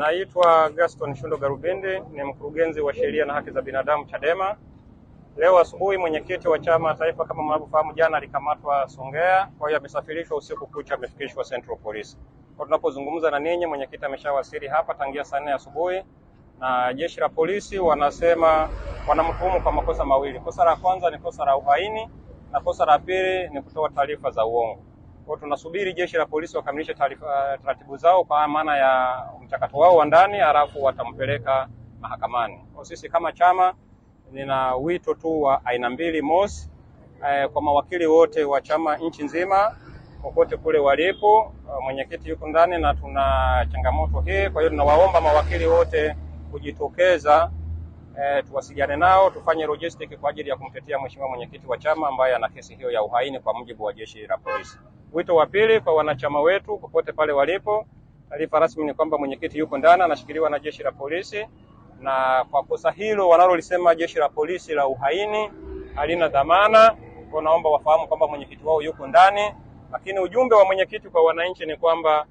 Naitwa Gaston Shundo Garubende, ni mkurugenzi wa sheria na haki za binadamu Chadema. Leo asubuhi mwenyekiti wa chama taifa, kama mnavyofahamu, jana alikamatwa Songea, kwa hiyo amesafirishwa usiku kucha, amefikishwa Central Police. Kwa tunapozungumza na ninyi, mwenyekiti ameshawasili hapa tangia saa nne asubuhi, na jeshi la polisi wanasema wanamtuhumu kwa makosa mawili. Kosa la kwanza ni kosa la uhaini na kosa la pili ni kutoa taarifa za uongo. Kwa tunasubiri jeshi la polisi wakamilishe eh, taratibu zao kwa maana ya mchakato wao wa ndani, halafu watampeleka mahakamani. Kwa sisi kama chama, nina wito tu wa aina mbili. Mosi, eh, kwa mawakili wote wa chama nchi nzima kokote kule walipo, eh, mwenyekiti yuko ndani na tuna changamoto hii. Kwa hiyo tunawaomba mawakili wote kujitokeza, e, tuwasiliane nao, tufanye logistic kwa ajili ya kumtetea mheshimiwa mwenyekiti wa chama ambaye ana kesi hiyo ya uhaini kwa mujibu wa jeshi la polisi. Wito wa pili kwa wanachama wetu popote pale walipo, taarifa rasmi ni kwamba mwenyekiti yuko ndani anashikiliwa na jeshi la polisi, na kwa kosa hilo wanalolisema jeshi la polisi la uhaini halina dhamana, kwa naomba wafahamu kwamba mwenyekiti wao yuko ndani. Lakini ujumbe wa mwenyekiti kwa wananchi ni kwamba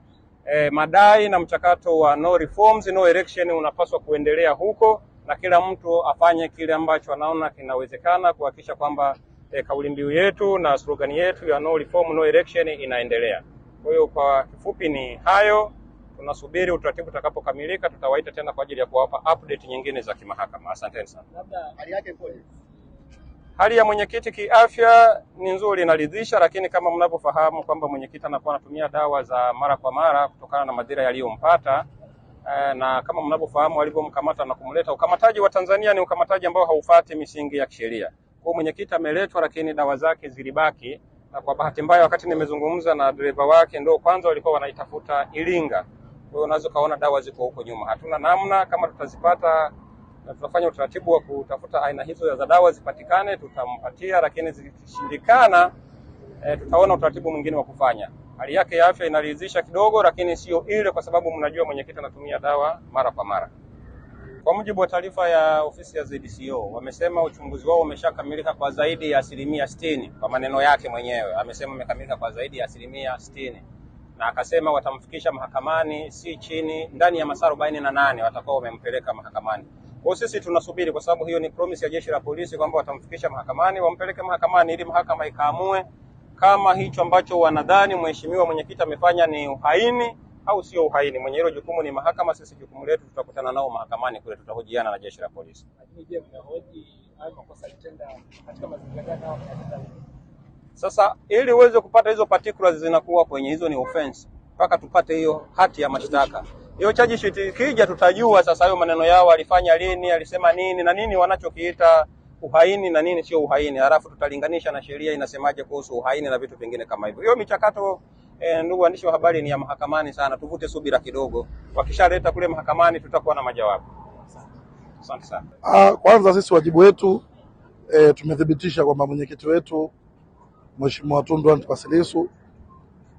eh, madai na mchakato wa no reforms, no election unapaswa kuendelea huko, na kila mtu afanye kile ambacho anaona kinawezekana kuhakikisha kwamba e, kauli mbiu yetu na slogan yetu ya no reform no election inaendelea. Kwa hiyo kwa kifupi ni hayo. Tunasubiri utaratibu utakapokamilika, tutawaita tena kwa ajili ya kuwapa update nyingine za kimahakama. Asanteni sana. Hali ya mwenyekiti kiafya ni nzuri, inaridhisha, lakini kama mnavyofahamu kwamba mwenyekiti anakuwa anatumia dawa za mara kwa mara kutokana na madhira yaliyompata eh, na kama mnavyofahamu alivyomkamata na kumleta. Ukamataji wa Tanzania ni ukamataji ambao haufati misingi ya kisheria. Kwa mwenyekiti ameletwa, lakini dawa zake zilibaki, na kwa bahati mbaya wakati nimezungumza na dereva wake ndio kwanza walikuwa wanaitafuta Iringa. Kwa hiyo unaweza dawa ziko huko nyuma. Hatuna namna, kama tutazipata na tutafanya utaratibu wa kutafuta aina hizo za dawa zipatikane, tutampatia, lakini zikishindikana E, tutaona utaratibu mwingine wa kufanya. Hali yake ya afya inaridhisha kidogo, lakini sio ile, kwa sababu mnajua mwenyekiti anatumia dawa mara kwa mara. Kwa mujibu wa taarifa ya ofisi ya ZCO, wamesema uchunguzi wao umeshakamilika kwa zaidi ya asilimia sitini. Kwa maneno yake mwenyewe amesema umekamilika kwa zaidi ya asilimia sitini, na akasema watamfikisha mahakamani si chini ndani ya masaa arobaini na nane watakuwa wamempeleka mahakamani. Kwa sisi tunasubiri, kwa sababu hiyo ni promise ya jeshi la polisi kwamba watamfikisha mahakamani, wampeleke mahakamani ili mahakama ikaamue kama hicho ambacho wanadhani mheshimiwa mwenyekiti amefanya ni uhaini au sio uhaini. Mwenye hilo jukumu ni mahakama, sisi jukumu letu tutakutana nao mahakamani kule, tutahojiana na jeshi la polisi. Sasa ili uweze kupata hizo particulars zinakuwa kwenye hizo ni offense, mpaka tupate hiyo hati ya mashtaka. Hiyo charge sheet ikija, tutajua sasa hayo maneno yao, alifanya lini, alisema nini na nini, wanachokiita uhaini na nini sio uhaini, halafu tutalinganisha na sheria inasemaje kuhusu uhaini na vitu vingine kama hivyo. Hiyo michakato e, ndugu waandishi wa habari ni ya mahakamani sana, tuvute subira kidogo, wakishaleta kule mahakamani tutakuwa na majawabu. Asante sana. Ah, kwanza sisi wajibu wetu e, tumethibitisha kwamba mwenyekiti wetu Mheshimiwa Tundu Antipas Lissu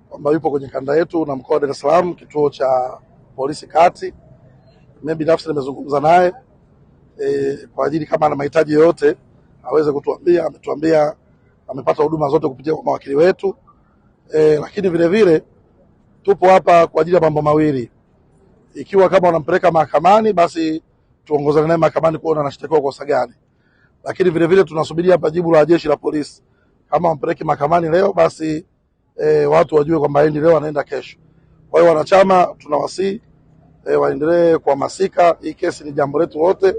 kwamba yupo kwenye kanda yetu na mkoa wa Dar es Salaam, kituo cha polisi kati. Mimi binafsi nimezungumza naye e, kwa ajili kama ana mahitaji yoyote aweze kutuambia. Ametuambia amepata huduma zote kupitia kwa mawakili wetu e, lakini vile vile tupo hapa kwa ajili ya mambo mawili. Ikiwa kama wanampeleka mahakamani, basi tuongozane naye mahakamani kuona anashtakiwa kosa gani, lakini vile vile tunasubiria hapa jibu la jeshi la polisi. Kama wampeleki mahakamani leo, basi e, watu wajue kwamba endi leo anaenda kesho. Kwa hiyo wanachama tunawasihi e, waendelee kuhamasika. Hii kesi ni jambo letu wote,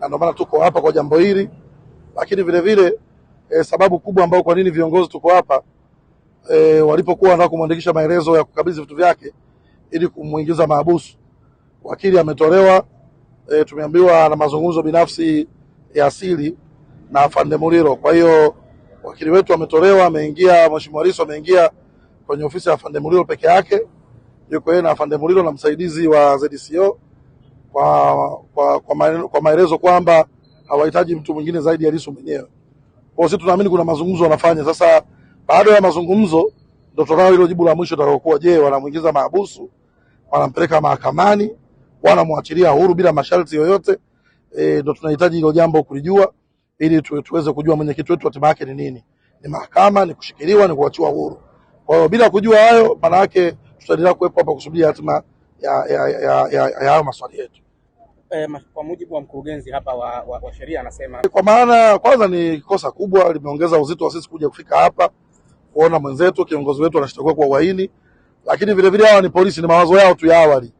na ndio maana tuko hapa kwa jambo hili, lakini vile vile e, sababu kubwa ambayo kwa nini viongozi tuko hapa e, walipokuwa wanataka kumwandikisha maelezo ya kukabidhi vitu vyake ili kumuingiza mahabusu, wakili ametolewa. E, tumeambiwa na mazungumzo binafsi ya asili na afande Muliro. Kwa hiyo wakili wetu ametolewa, ameingia mheshimiwa Lissu ameingia kwenye ofisi ya afande Muliro peke yake, yuko yeye na afande Muliro na msaidizi wa ZCO kwa, kwa, kwa, kwa maelezo kwamba hawahitaji mtu mwingine zaidi ya Lissu mwenyewe. Kwa hiyo sisi tunaamini kuna mazungumzo wanafanya sasa baada ya mazungumzo ndo tutakao hilo jibu la mwisho tutakaokuwa, je, wanamuingiza mahabusu, wanampeleka mahakamani, wanamwachilia huru bila masharti yoyote? E, Ndo tunahitaji hilo jambo kulijua ili tu, tuweze kujua mwenyekiti wetu hatima yake ni nini, ni mahakama, ni kushikiliwa, ni kuachiwa huru? Kwa hiyo bila kujua hayo, maana yake tutaendelea kuwepo hapa kusubiri hatima ya ya ya, ya, ya, ya maswali yetu. E, kwa mujibu wa mkurugenzi hapa wa, wa, wa sheria anasema, kwa maana kwanza ni kosa kubwa, limeongeza uzito wa sisi kuja kufika hapa kuona mwenzetu kiongozi wetu anashtakiwa kwa uhaini, lakini vile vile hawa ni polisi, ni mawazo yao tu ya awali.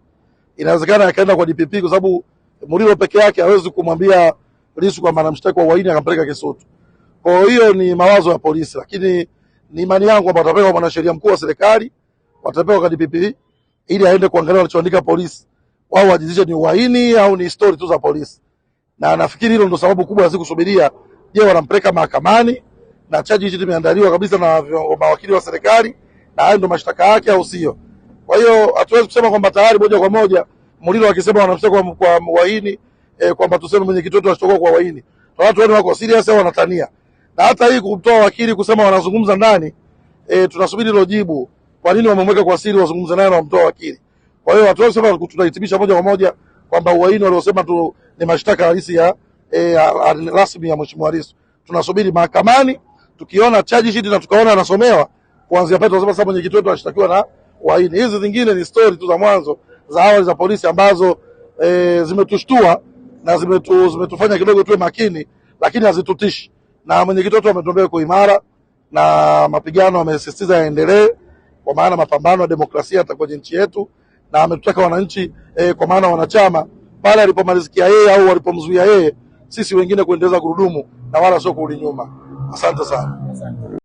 Inawezekana yakaenda kwa DPP kwa sababu Murilo peke yake hawezi kumwambia Lissu kwamba anamshtaki kwa uhaini akampeleka Kisutu. Kwa hiyo ni mawazo ya polisi, lakini ni imani yangu kwamba watapewa kwa mwanasheria mkuu wa serikali, watapewa kwa DPP ili aende kuangalia walichoandika polisi, wao wajizishe ni uhaini au ni story tu za polisi, na nafikiri hilo ndio sababu kubwa ya sikusubiria. Je, wanampeleka mahakamani na chaji hichi tumeandaliwa kabisa na mawakili wa serikali, na hayo ndio mashtaka yake, au sio? Kwa hiyo hatuwezi kusema kwamba tayari moja kwa moja Mulilo akisema wanamshtaka kwa, kwa waini eh, kwamba tuseme mwenye kitoto anashtakiwa kwa waini. Watu wenu wako serious au wanatania? Na hata hii kumtoa wakili kusema wanazungumza ndani eh, tunasubiri hilo jibu. Kwa nini wamemweka kwa siri wazungumze naye na wamtoa wakili? Kwa hiyo hatuwezi kusema tunahitimisha moja kwa moja kwamba uhaini waliosema tu ni mashtaka halisi ya eh, rasmi ya Mheshimiwa Lissu. Tunasubiri mahakamani tukiona charge sheet na tukaona anasomewa kuanzia pale, tunasema sasa mwenyekiti wetu anashtakiwa na uhaini. Hizi zingine ni story tu za mwanzo za awali za polisi ambazo e, zimetushtua na zimetu, zimetufanya kidogo tuwe makini, lakini hazitutishi, na mwenyekiti wetu ametuombea kwa imara na mapigano amesisitiza yaendelee, kwa maana mapambano ya demokrasia yatakuwa kwenye nchi yetu, na ametutaka wananchi e, kwa maana wanachama pale alipomalizikia yeye au walipomzuia yeye, sisi wengine kuendeleza gurudumu na wala sio kurudi nyuma. サンタさん。